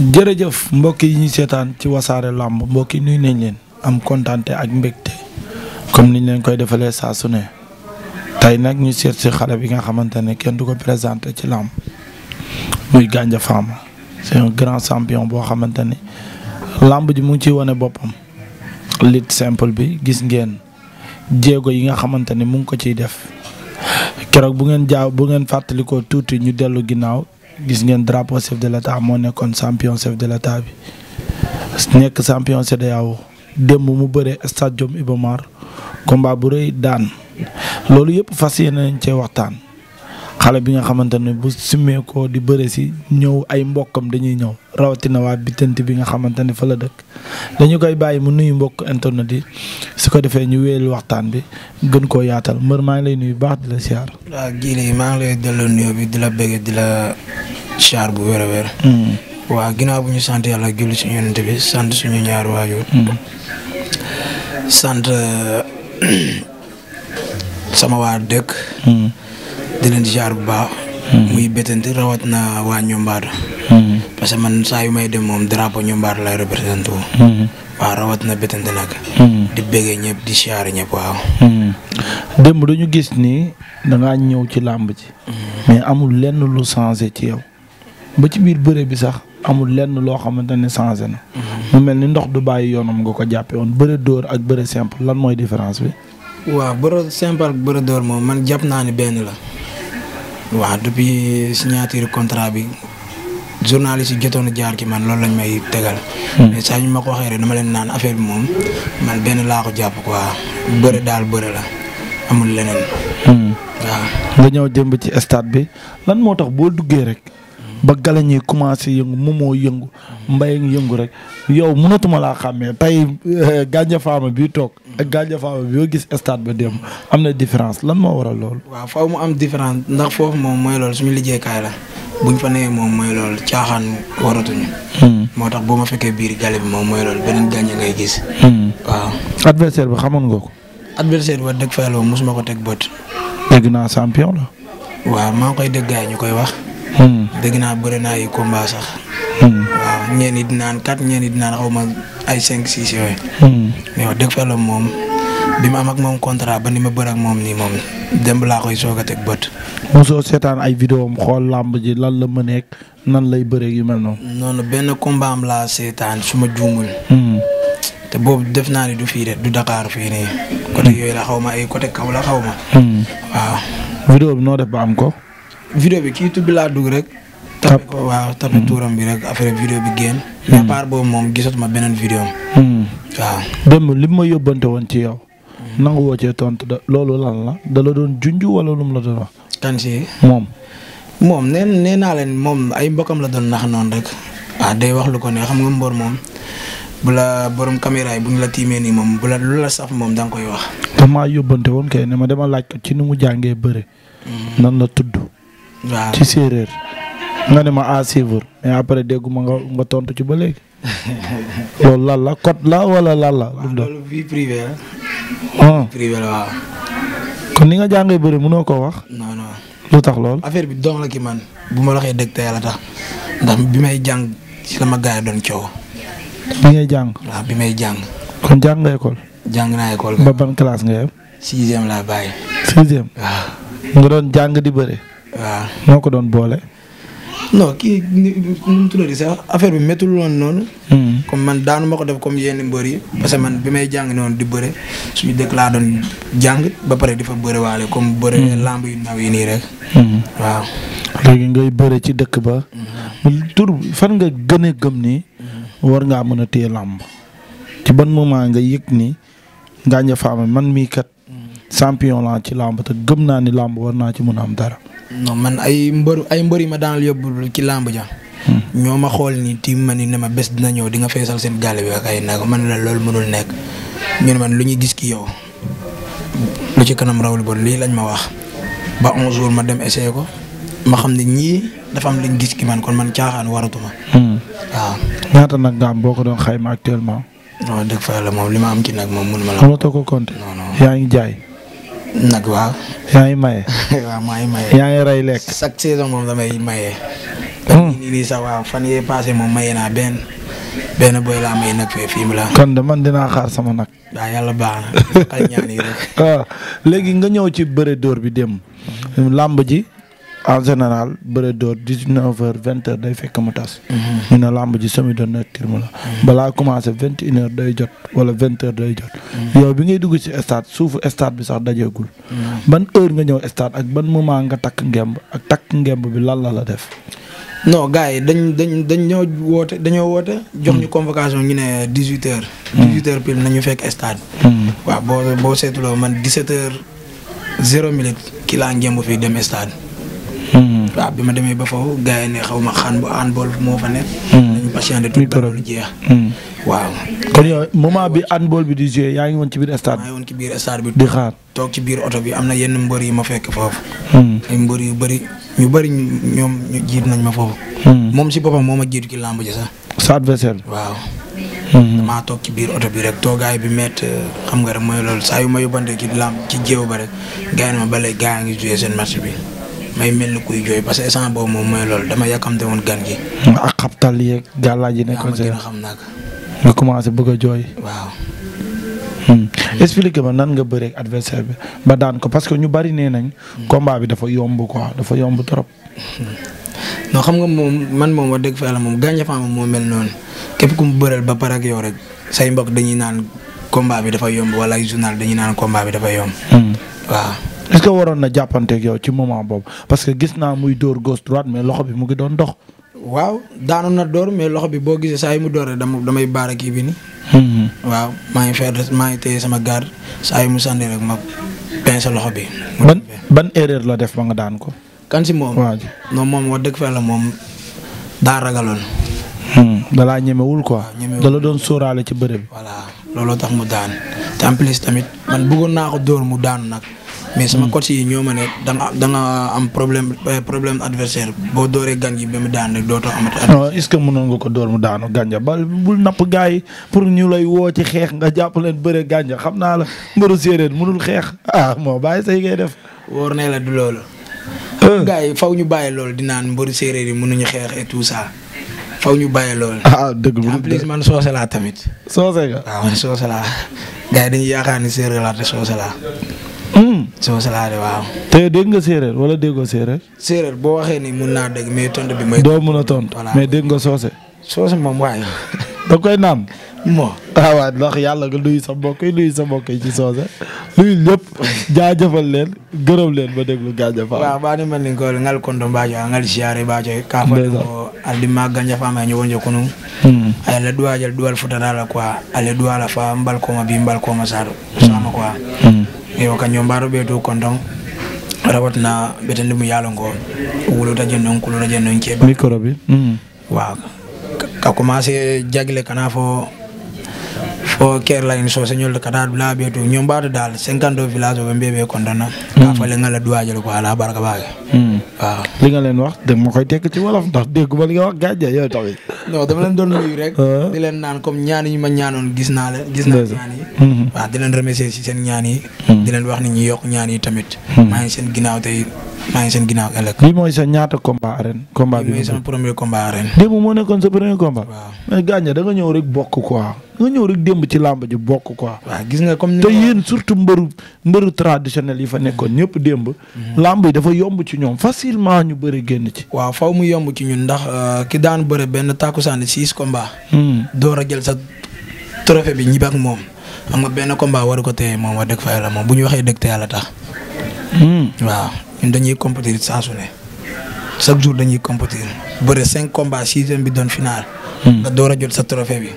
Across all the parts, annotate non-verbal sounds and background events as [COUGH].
jërëjëf mbokk yi ñu seetaan ci wasaare làmb mbokk yi nuyu nañ leen am kontaante ak mbégte comme niñ leen koy defalee saa su ne tey nag ñu seet si xale bi nga xamante ne kenn du ko présenté ci làmb muy Gandia femme c'est un grand champion boo xamante ne làmb ji mu ngi ciy wane boppam lit simple bi gis ngeen jéego yi nga xamante ne mu ngi ko ciy def keroog bu ngeen jaaw bu ngeen fàttalikoo tuuti ñu dellu ginnaaw gis ngeen drapeau chef de l'état moo nekkoon champion chef de l'état bi nekk champion CEDEAO démb mu bëre stade Iba Mar Diop combat bu rëy daan loolu yëpp fas yéene nañ cee waxtaan. xale bi nga xamante ne bu simmeekoo di bëre si ñëw ay mbokkam dañuy ñëw rawatina waa Bitente bi nga xamante ne fa la dëkk dañu koy bàyyi mu nuyu mbokk internet yi su ko defee ñu wéyal waxtaan bi gën koo yaatal mbër maa ngi lay nuyu baax di la siyaar. waaw jii maa ngi lay delloo nuyoo di la bëgg di la siyaar bu wér a hmm. waa ginnaaw bu ñu sant yàlla julli si yonent bi sant suñu ñaar waajur. Hmm. sant euh, [CLEARS THROAT] sama waa dëkk. Hmm. di leen bu baax. Hmm. muy béttanti rawat na waa Ñombaar. Hmm. parce que man saa yu may dem moom drapeau Ñombaar lay représenté wu. Hmm. rawat na béttanti nag. di bëggee ñëpp di ziar ñëpp waaw. démb dañu gis ni da ñëw ci làmb ji. mais amul lenn lu changé ci yow. ba ci biir bëre bi sax amul lenn loo xamante ne changé na. mu mel ni ndox du bàyyi yoonam nga ko jàppee woon bëre dóor ak bëre simple lan mooy différence bi. waaw bëre simple ak bëre dóor moom man jàpp naa ni benn la. waaw depuis signature contrat bi journaliste yi jotoon jaar ki man loolu lañ may tegal. Hmm. mais saa ñu ma ko waxee dama leen naan affaire bi moom man benn laa ko jàpp quoi bëre daal bëre la amul leneen. Hmm. waaw. nga ñëw jëmb ci stade bi lan moo tax boo duggee rek. ba galañ yi commencé yëngu moomoo yëngu mbay yëngu rek yow mënatuma laa xàmmee pay euh, gànja faama bi toog ak gànja faama bi yoo gis stade ba démb am na différence lan moo a loolu. waaw faaw mu am différence ndax foofu moom mooy loolu suñu liggéeykaay la buñ fa nee moom mooy loolu caaxaan waratuñu. Hmm. moo tax boo ma fekkee biir gale bi moom mooy loolu beneen gànja ngay gis. Hmm. waaw. adversaire bi xamoon nga ko. adversaire bi wax dëgg fa yàlla mosuma ko teg bët. dégg naa champion la. waaw maa ngi koy wax. Hmm. dégg naa bëri naa ay combat sax. Hmm. waaw ñeen yi dinaan quatre ñeen yi dinaan xaw ma ay cinq six yooyu. Hmm. mais wax dëgg fa moom bi ma am ak moom contrat ba ni ma bëri ak moom nii moom démb laa koy soog a teg bët. seetaan ay vidéo mu xool làmb ji lan la mëneek nan lay bëree yu mel noonu. benn combat am laa seetaan su ma juumul. te boobu def naa ni du fii de du Dakar fii nii. côté yooyu la xaw ma ay côté kaw la xaw ma. waaw. vidéo bi noo def ba am ko. vidéo bi kii bi laa dugg rek. tapé ko waaw tapé mm. tuuram bi rek affaire vidéo bi génn. mais mm. part boobu moom gisatuma beneen vidéo am. Mm. waaw. démb ma yóbbante woon ci yow. nangu tontu da loolu lan la da doon junj wala lu mu la doon wax. kan si moom. moom neen nee naa leen moom ay mbokkam la doon nax noonu rek. ah day wax lu ko ne xam nga mbor moom bu la borom caméra yi bu ñu la tiimee nii moom bu la lu la saf moom da koy wax. damaa yóbbante woon kay ne ma demal laaj ko ci nu mu jàngee bëre. nan la tudd. waaw ci séeréer. nga ne ma à ah, suivre mais après dégguma nga nga tontu ci ba léegi. loolu [LAUGHS] lan la code la wala lan la. la. Ah. privé kon ni nga jàngee bëri mënoo ko wax. non lu tax lool. affaire bi doon la ki man bu ma la waxee dëgg te yàlla tax ndax bi may jàng ci la ma gars yi doon coow. bi ngay jàng. bi may jàng. kon jàng nga école. jàng naa école. ba ban classe nga yem. sixième nga doon jàng di bëri. waaw moo ko doon boole. non kii nu mu tuddati sax affaire bi méttul woon noonu. Hmm. comme man daanu ma ko def comme yenn mbër yi. parce que man bi may jàng noonu di bëre suñu dëkk laa doon jàng ba pare di fa bëre waale comme bëre hmm. lamb yu ndaw yi nii rek. Hmm. waaw. léegi ngay bëre ci dëkk ba. tur fan nga gën gëm ni. war ngaa mën a téye làmb ci ban moment nga yëg ni Gandia Fama man mii kat champion laa ci làmb te gëm naa ni làmb war naa ci mën a am dara. non man ay mbër ay mbër yi ma daanal yóbbu ci làmb ja hmm. ñoo ma xool ni tiim ma ni ne ma bés dina ñëw di nga feesal seen gale bi ak ay nag man la loolu mënul nekk ñu man lu ñu gis ki yow lu ci kanam lii lañ ma wax ba onze ma dem essayé ko ma xam ne ñii dafa am luñ gis ki man kon man caaxaan waratuma hmm. waaw ñaata nag nga am boo ko doon xayma actuellement. non dëgg fa la li ma am ci nag moom mënuma la. mënatoo ko compter. non yaa ngi jaay. nag waaw. yaa ngi maye. [LAUGHS] waaw maa ngi maye. yaa ngi rey lekk. chaque saison moom damay maye. Hmm. nii nii fan yee passé moom maye naa benn benn boy laa may nag fee fii mu la. kon de man dinaa xaar sama nag. waaw yàlla baax [LAUGHS] léegi nga ñëw ci bëre dóor bi dem hmm. làmb ji en général bëre door dix neuf heures vingt heures day fekk mu tas. Mhm. ñu ne làmb ji semi doon nocturne mu la. Mhm. balaa commencé vingt une heure day jot wala vingt heures day jot. Mhm. yow bi ngay dugg ci stade suufu stade bi sax dajeekul ban heure nga ñëw stade ak ban moment nga takk ngemb ak takk ngemb bi lan la la def. no gars yi dañ dañ dañ ñoo woote dañoo woote. jox ñu convocation ngi ne dix huit heures. dix huit heures pile nañu fekk stade. waaw boo boo seetuloo man dix sept heures zéro minute ki laa ngemb fii waaw bi ma demee ba foofu gaa yi ne xaw ma xaan bu moo fa nekk. dañu hmm. patienté tout ba loolu jeex. Hmm. waaw. kon yow moment bi handball bi di joué yaa ngi woon ci biir stade. maa ci biir stade bi. di xaar toog ci biir oto bi am na yenn mbër yi ma fekk foofu. Hmm. ay yu bëri ñu bëri ñoom ñu jiit nañ ma foofu. moom si boppam moo ma jiitu ci làmb ji sax. sa adversaire. waaw. ci biir oto bi rek toogaay bi métti xam nga rek mooy loolu saa yu ma yóbbante ci làmb ci jéew ba rek gaa yi ma ba léegi gars yi ngi joué seen match bi. may mel ni kuy jooy parce que instant boobu moom mooy loolu dama yàkkamte woon gan gi. ak xabtal yeeg gàllaaj yi nekkoon seen xam naa ko nga commencé bëgg a jooy. waaw. Hmm. expliqué ma nan nga bëree ak adversaire bi ba daan ko parce que ñu bari nee nañ. combat bi dafa yomb quoi dafa yomb trop. non xam nga moom man moom wax dëgg fa yàlla moom Gandia moo mel noonu képp ku mu bëreel ba pare ak yow rek say mbokk dañuy naan combat bi dafa yomb wala ay journal dañuy naan combat bi dafa yomb. Hmm. waaw. est-ce que waroon na jàppanteeg yow ci moment boobu parce que gis naa muy dóor gauche droite mais loxo bi mu ngi doon dox. waaw daanu na dóor mais loxo bi boo gisee saa yi mu dóoree dama damay baara kii bi ni mm-hmm. waaw maa ngi fexe maa ngi téye sama gar saa yi mu sànni rek ma sa loxo bi. ban ban erreur la def ba nga daan ko. kan si moom moom wax dëgg fa la moom daa ragaloon. Hmm, dalaa ñemewul quoi. dala doon sóoraale ci bëre voilà looloo tax mu daan te en tamit man bëggoon naa ko dóor mu daanu nag. mais sama hmm. coach yi ñoo ma ne da nga da am problème euh, problème adversaire boo dooree Gagny ba mu daan rek dootoo amati. non est-ce que mënoon nga ko door mu daanu Gagny ba bul napp gars yi pour ñu lay woo ci xeex nga jàpp leen bëre Gagny xam naa la mbëru séeréer mënul xeex ah, moo bàyyi say ngay def. wóor ne la du loolu. Euh. gars yi faw ñu bàyyi loolu di naan mbëru séeréer yi mënuñu xeex et tout saa faw ñu bàyyi lool ah dëgg bu man soose laa tamit. soose nga waaw ah, man soose laa gars yi yaakaar ni séeréer laa te soose laa soo salaare waaw. te dégg nga séeréer wala déggoo séeréer. séeréer boo waxee ni mun naa dégg mais tontu bi may. doo mun a tontu mais dégg nga soose. soose moom waaye. da koy naan. mo ah waaw ndax yàlla nga nuyu sa mbokk yi nuyu sa mbokk yi ci soose. nuyu ñëpp jaajëfal leen gërëm leen ba déglu gaaja faam. waaw baa ni man ni ko ngal kondo mbaajo ngal siyaare mbaajo ka fa ko aldi ma ganja faam a ñogonjo kunu ay la duwajal duwal futata la quoi ale duwala fa mbal ko ma bi mbal ko hmm. ma yo kañum mbaɗo ɓeydo kon donc rawatna ɓetende mum yaalo ngo wolotaje noon kulotaje noon ceeɓa micro bi hmm. waaw ka commencé jagle kana fo fo kerla en soseñolde kata ɗula ɓe to ñom mbaɗo dal cinquante o village o ɓe mbiye ɓe condana hmm. ka fale ngala duwajel ko ala barka baake hmm. waaw li nga leen wax dama koy tekk ci wolof ndax dégguma li nga wax gàjja yow tamit non dama leen doon nuyu rek. Ah. di leen naan comme ñaan yi ma ñaanoon gis naa leen. gis naa ñaan yi. Mhm. waaw di leen remercier si seen ñaan yi. Mhm. di leen wax ni ñu yokk ñaan yi tamit. Mhm. maa ngi seen ginnaaw tey maa ngi seen ginaaw ëllëg. bii mooy sa ñaata combat arène. combat bi mooy sama premier combat arène. démb moo nekkoon sa premier combat. waaw mais gaañ nga ñëw rek bokk quoi da nga ñëw rek démb ci làmb ji bokk quoi. waaw gis nga comme ni te yéen surtout mbëru mbëru traditionnel yi fa nekkoon mm-hmm. ñëpp démb. Mm-hmm. làmb yi dafa yomb ci ñoom facilement ñu bëri génn ci. waaw faw mu yomb ci ñun ndax euh, ki daan bëre benn taaku takkusaan six combat. Mm. door a jël sa trophée bi ñibbi ak moom. am nga benn combat waru ko téye moom wax moom bu ñu waxee dëgg yàlla tax. Mm. ñun dañuy compétir saa su ne chaque jour dañuy compétir bëre cinq combats sixième bi doon final. Hmm. nga door a jot sa trophée bi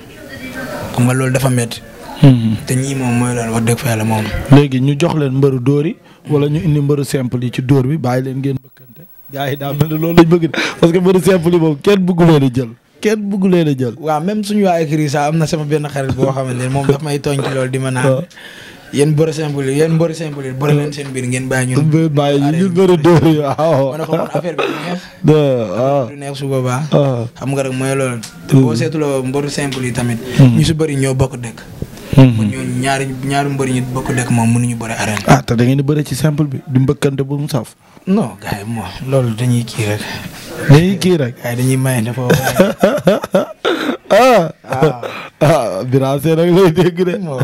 xam nga loolu dafa métti. Hmm. te ñii moom mooy loolu wax dëgg fa moom. léegi ñu jox leen mbëru dóor yi wala ñu indi mbëru simple yi ci dóor bi bàyyi leen ngeen bëkkante gars yi daa mel ne loolu lañ bëgg parce que mbëru simple yi moom kenn bëggu leen a jël. kenn bugg leen a jël. waa même suñu waa écrit sax am na sama benn xarit boo xamante ne moom daf may tooñ ci loolu di ma naan. Ah. yéen bëri simple yéen mbëri simple yi bëri leen seen biir ngeen bàyyi ñun. bàyyi ñun yi waaw. ma ne su boobaa. Ah. xam nga rek mooy loolu. te mm. boo seetuloo mbëri simple yi tamit. Mm. ñu si bëri ñoo bokk dëkk. Mm-hmm. kon ñooñu ñaari ñaari mbëri ñu bokk dëkk moom mënuñu bëri arène. ah te da ngeen di bëri ci simple bi di mbëkkante bu mu saf. non gars yi moom loolu dañuy kii rek. dañuy kii rek. waaye dañuy [LAUGHS] ah. Biraase nag lay dégg de. non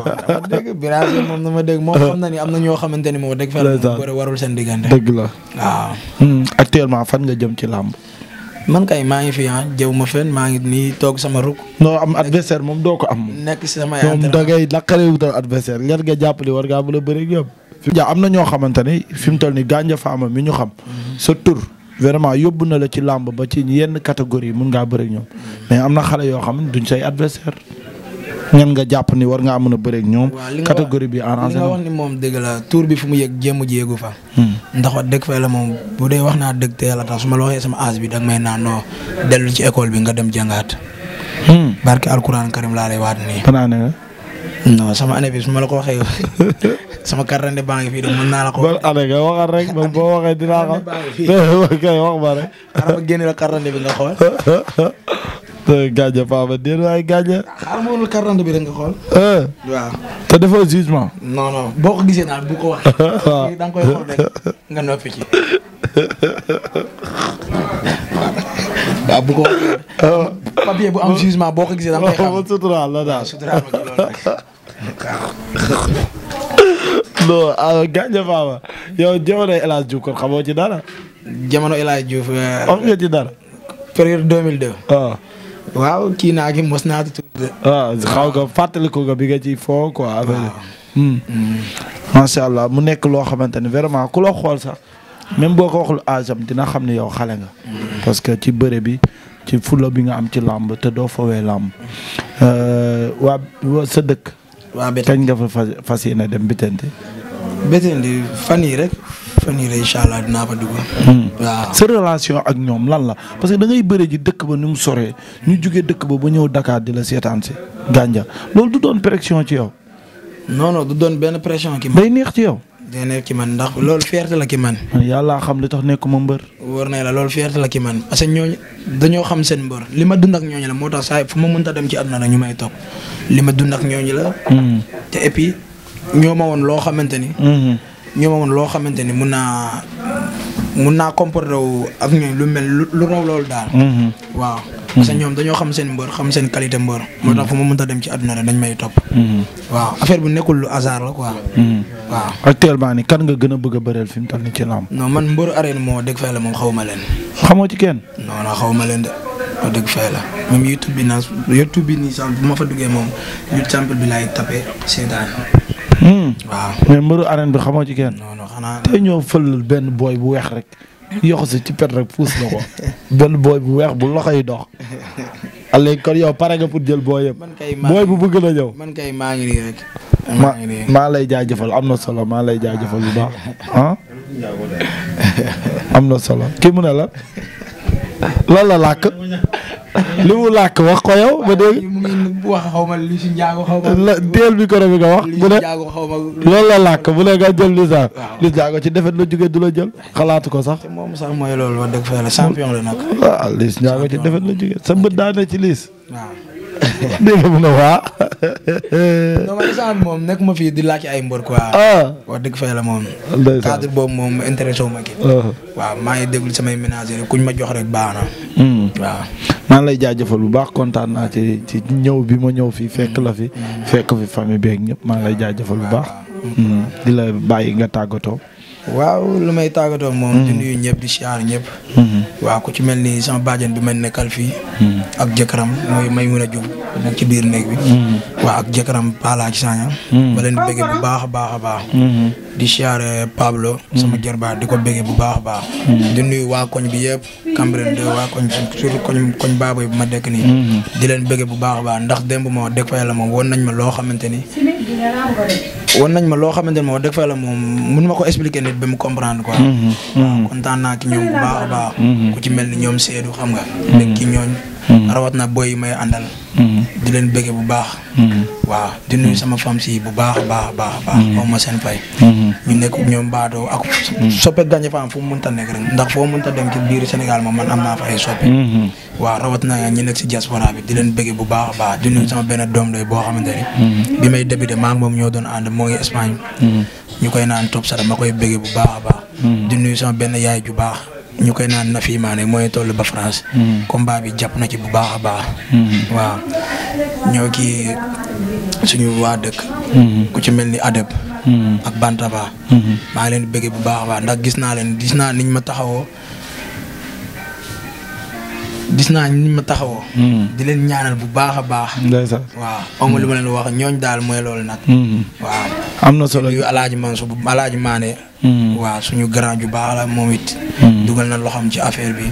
dégg Biraase moom dama dégg moom xam na ni am na ñoo xamante ni moom dégg fa la warul seen la waaw. Hmm, actuellement fan nga jëm ci làmb. man kay ah, ma ngi nii toog sama ruk. non am adversaire moom doo ko am. nekk si sama moom da ngay laqaree wutal adversaire yan nga jàppale war ngaa mën a bëri yëpp. ja am na ñoo xamante ni fi mu toll nii Gandia Fama mi ñu xam. Mhm. sa tur vraiment yóbbu na la ci làmb ba ci yenn catégorie mun ngaa bëri ñoom mhm. mais am na xale yoo duñ say adversaire. ñan nga jàpp ni war ngaa mën a bëreeg ñoom. catégorie bi arrangé li nga wax ni moom dëgg la tour bi fu mu yëg jéem a jéegu fa. Hmm. ndax wax dëgg fa la moom bu dee wax naa dëgg te yàlla tax su ma la waxee sama âge bi danga may naan noo dellu ci école bi nga dem hmm. [LAUGHS] fii de mën naa la ko. ban nga waxal rek moom boo waxee dinaa xam. carte [LAUGHS] wax ma rek. xanaa ma génne la carte nga xool. [LAUGHS] te gaaña Papa déet waaye gaaña. xaaral ma woon carte bi rek nga xool. Eh. waaw. te defoo jugement. non non boo ko gisee daal bu ko waxee. [LAUGHS] Ah. waaw da nga koy xool rek nga noppi ci. [LAUGHS] waaw bu ko waxee. Ah. papier bu am jugement boo ko gisee da nga koy ah, xam. suturaal la daal suturaal ma ci loolu rek. [LAUGHS] non ah gaaña Papa yow jamono El Hadj Diouf kon xamoo ci dara. jamono El Hadj Diouf. Euh, am nga ci dara. période 2002. waaw. waaw kii naa ki mos naa tuuti. waaw ah, xaw nga fàttaliku nga bi nga ci foo quoi. waaw hmm. macha allah mu nekk loo xamante ne vraiment ku la xool sax même boo ko waxul aajam dina xam ne yow xale nga. parce que ci bëre bi ci fulla bi nga am ci làmb te doo fawee làmb. Euh, waa sa dëkk. waa Betende kañ nga fa fas yéene dem Betende. Betende fan yi rek fan yii incha allah dinaa fa dugg. Hmm. waaw sa relation ak ñoom lan la parce que da ngay bëri ji dëkk ba nu mu soree ñu jugee dëkk ba ba ñëw Dakar di la seetaan si gànja loolu du doon pression ci yow. non non du doon benn pression ki man. day neex ci yow. day neex ci man ndax loolu fierté la ki man. yàllaa xam li tax nekkuma mbër. wóor na la loolu fierté la ki man parce que dañoo xam seen mbër li ma dund ak ñooñu la moo tax saa fu ma mënta dem ci àdduna na ñu may toog li ma dund ak ñooñu la. Hmm. te et puis ñoo woon loo xamante ni. Hmm. ñoom amoon loo xamante ni mun naa mun naa comporter wu ak ñoom lu mel lu raw loolu daal. Mm-hmm. waaw. Mm-hmm. parce ñoom dañoo xam seen mbër xam seen qualité mbër. moo tax fu ma mënta dem ci àdduna dañ may topp. Mm-hmm. waaw affaire bu nekkul lu hasard la ko waaw actuellement ni kan nga gën a bëgg a bëreel fi mu toll nii ci lamb. non man mbëru arène moo dëgg fay la moom xaw ma leen. xamoo ci kenn. non non xaw ma leen de. waaw dëgg fay la même YouTube bi naa YouTube bi nii sax bu ma fa duggee moom YouTube bi laay tapé seetaan. Hmm. waaw mais mbëru arène bi xamoo ci kenn. non non xanaa tey ñoo benn booy bu weex rek. yox si ci pet rek puus ko. [LAUGHS] benn booy bu weex bu loxo yi dox. léegi [LAUGHS] kon yow pare nga pour jël booy yëpp. booy bu bëgg a ñëw. man kay maa ngi nii rek. maa ngi maa lay jaajëfal am na solo maa lay jaajëfal bu baax [LAUGHS] ah. am na solo kii mu ne la. lan la làkk li mu làkk wax ko ba dégg mu ngi wax xaw ma li si njaago xaw ma deel bi ko bi nga wax bu ne loolu la bu ne nga jël lisaan li njaago ci defet la jóge du la jël xalaatu ko sax moom sax mooy loolu wax dëgg fa la champion la njaago ci defet la jóge sa bët daa ci liis [LAUGHS] dégg nga mu ne waa. [LAUGHS] nekk ma fii di laaj ay mbër quoi. Ah. wax dëgg fa yàlla moom. cadre boobu moom intéressé wu ma ah. waaw maa ngi déglu samay ménagères kuñ ma jox rek baax na. Hmm. maa ngi lay jaajëfal bu baax kontaan naa ci ci ñëw bi ma ñëw fii fekk la fi. Hmm. fekk fi famille beeg ñëpp maa ngi lay jaajëfal bu baax. Hmm. di la bàyyi nga tàggatoo. waaw lu may tàggatoo moom. di hmm. nuyu ñëpp di siyaar ñëpp. Hmm. waaw ko ci mel ni sama bàjjen bi ma nekkal fii. Hmm. ak jëkkëram mooy may mën a jub nekk ci biir néeg bi. waaw ak jëkkëram Palla ci Saña. ba leen bëggee bu baax a baax a baax. di siyaare eh, Pablo. sama jërbaat di ko bëggee bu baax a baax. di nuyu waa koñ bi yëpp. Cambérène de waa koñ surtout koñ koñ baaboy bu ma dekk nii. di leen bëggee bu baax a baax ndax démb moo dëkk fa yàlla moom woon nañ ma loo xamante ni. wan nañ ma loo xamante ne moom dëgg moom mun ma ko expliquer nit ba mu comprendre quoi. Mhm, mhm. waaw kontaan ñoom bu baax a baax. Mhm, ku ci mel ni ñoom Seydou xam nga. nekk ci ñooñ. rawat na booy yi may àndal. di leen bëggee bu baax. waaw di nuyu sama fam si bu baax a baax a baax. xaw ma seen fay. ñu nekk ñoom baadoo ak. soppe gàncax faam fu mu mënta nekk rek ndax foo mënta dem ci biir Sénégal moom man am naa fa ay soppe. waaw rawat na ñi nekk si diaspora bi di leen bëggee bu baax a baax di nuyu sama benn doom lay boo xamante ni bi may débuté maa ngi moom ñoo doon ànd mooy ngi Espagne ñu koy naan Top Sara ma koy bëggee bu baax a baax di nuyu sama benn yaay ju baax ñu koy naan Nafi Mané mooy toll ba France combat bi jàpp na ci bu baax a baax waaw ñoo kii suñu waa dëkk ku ci mel ni adab ak bantaba maa ngi leen bëggee bu baax a baax ndax gis naa leen gis naa niñ ma taxawoo gis naa ni ma taxawoo. Hmm. di leen ñaanal bu baax a baax. ndeysaan waaw amul lu ma hmm. leen wax ñooñ daal mooy loolu nag. Hmm. waaw am na solo yu alaaji Mansour bu alaaji Maane. waa suñu grand ju baax la moom it. dugal na loxoom ci affaire bi.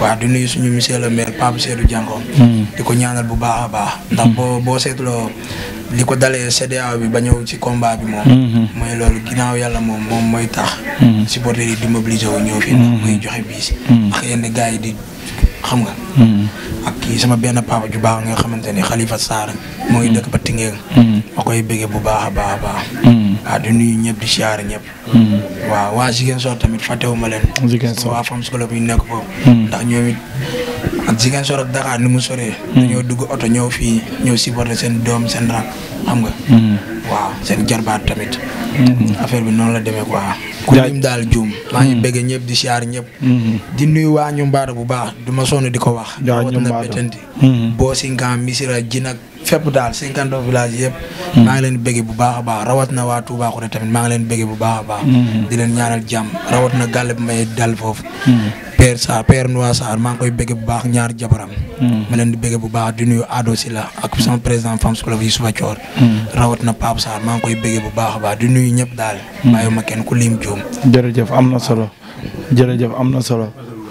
waaw di nuy suñu monsieur le maire Pape Seydou Dianko. di ko ñaanal bu baax a baax. ndax boo boo seetloo li ko dalee CDA bi ba ñëw ci combat bi moom. mooy loolu ginnaaw yàlla moom moom mooy tax. supporter yi di mobiliser wu ñëw fi. muy joxe biis. ak yenn gars yi xam nga. Hmm. ak kii sama benn papa ju baax nga xamante ne Khalifa Sarr. moo ngi hmm. dëkk ba Tingeel. Hmm. ma koy bëggee bu baax a baax a baax. waaw di nuyu ñëpp di siyaare ñëpp. waaw waa Ziguinchor tamit fàttewu ma leen. Ziguinchor waa Fams Club bi nekk foofu. ndax ñoom it ak Ziguinchor ak Dakar ni mu soree. dañoo dugg oto ñëw fii ñëw supporter seen doom seen rak xam nga. waaw seen jarbaat tamit. Mm-hmm. affaire bi noonu la demee quoi. ku lim daal juum. maa ngi mm-hmm. bëgg ñëpp di siyaar ñëpp. Mm-hmm. di nuyu waa ñu mbaada bu baax duma ma di ko wax. waaw ñu na rawatina Bettenty. Boosi Misira Jinak. fépp daal cinquante village yëpp hmm. maa ngi leen bëgge bu baax a baax rawat na waa Toubacouta tamit maa ngi leen bëgge bu baax a baax hmm. di leen ñaaral jàmm rawat na gàlle bi may dal foofu hmm. Père Sarr Père Noir Sarr maa ngi koy bëgge bu baax ñaar jabaram ma leen di bëgge bu baax di nuyu Ado Sila ak sama président Femmes Club Youssoufa Thior rawat na Pape Sarr maa ngi koy bëgge bu baax a baax di nuyu ñëpp daal bàyyi ma kenn ku lim juum jërëjëf am na solo jërëjëf am na solo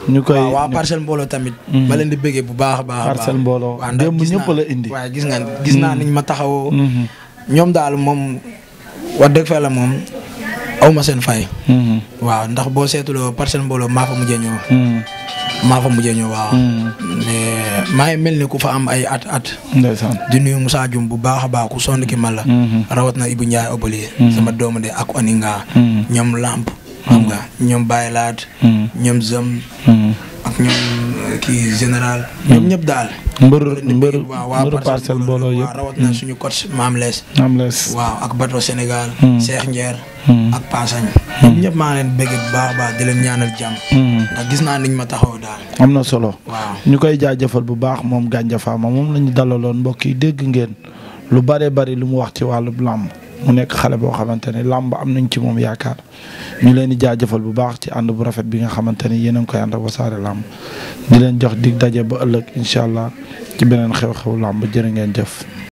ñu koy waaw waa mbooloo tamit. Mm-hmm. ma leen di bëggee bu baax baax. parcelle mbooloo démb ñëpp indi waaw gis nga gis naa mm-hmm. niñ ma taxawoo. Mm-hmm. ñoom daal moom wax dëgg fa la moom aw ma seen fay. waaw ndax boo seetuloo parcelle mbooloo maa fa mujjee ñëw. maa fa mujjee ñëw waaw. mais maa ngi mel ni ku fa am ay at at. di nuyu Moussa Dioum bu baax a baax ku sonn ki rawat na Ibou Ndiaye Obali. sama doomu de ak Oninga. ñoom Lamp. xam hmm. nga ñoom Baye Laat. Hmm. ñoom Zam. Hmm. ak ñoom eh, kii général. ñoom ñëpp daal. mbër mbër mbër parcelle mbooloo yëpp rawat na suñu coach Maam Lees. Maam Lees ak bateau Sénégal. Cheikh Ndière. ak Passagne. ñoom ñëpp maa leen bëgg bu baax a baax di leen ñaanal jàmm. ndax gis naa niñ ma taxaw daal. am na solo. waaw ñu koy jaajëfal bu baax moom Gandia Fama moom lañu ñu dalaloon mbokk yi dégg ngeen lu bare bari lu mu wax ci wàllu làmb. mu nekk xale boo xamante ne làmb am nañ ci moom yaakaar ñu leen di jaajëfal bu baax ci ànd bu rafet bi nga xamante ne yéen a ngi koy ànd ak wasaare làmb di leen jox dig daje ba ëllëg incha allah ci beneen xew-xew làmb jërë ngeen jëf.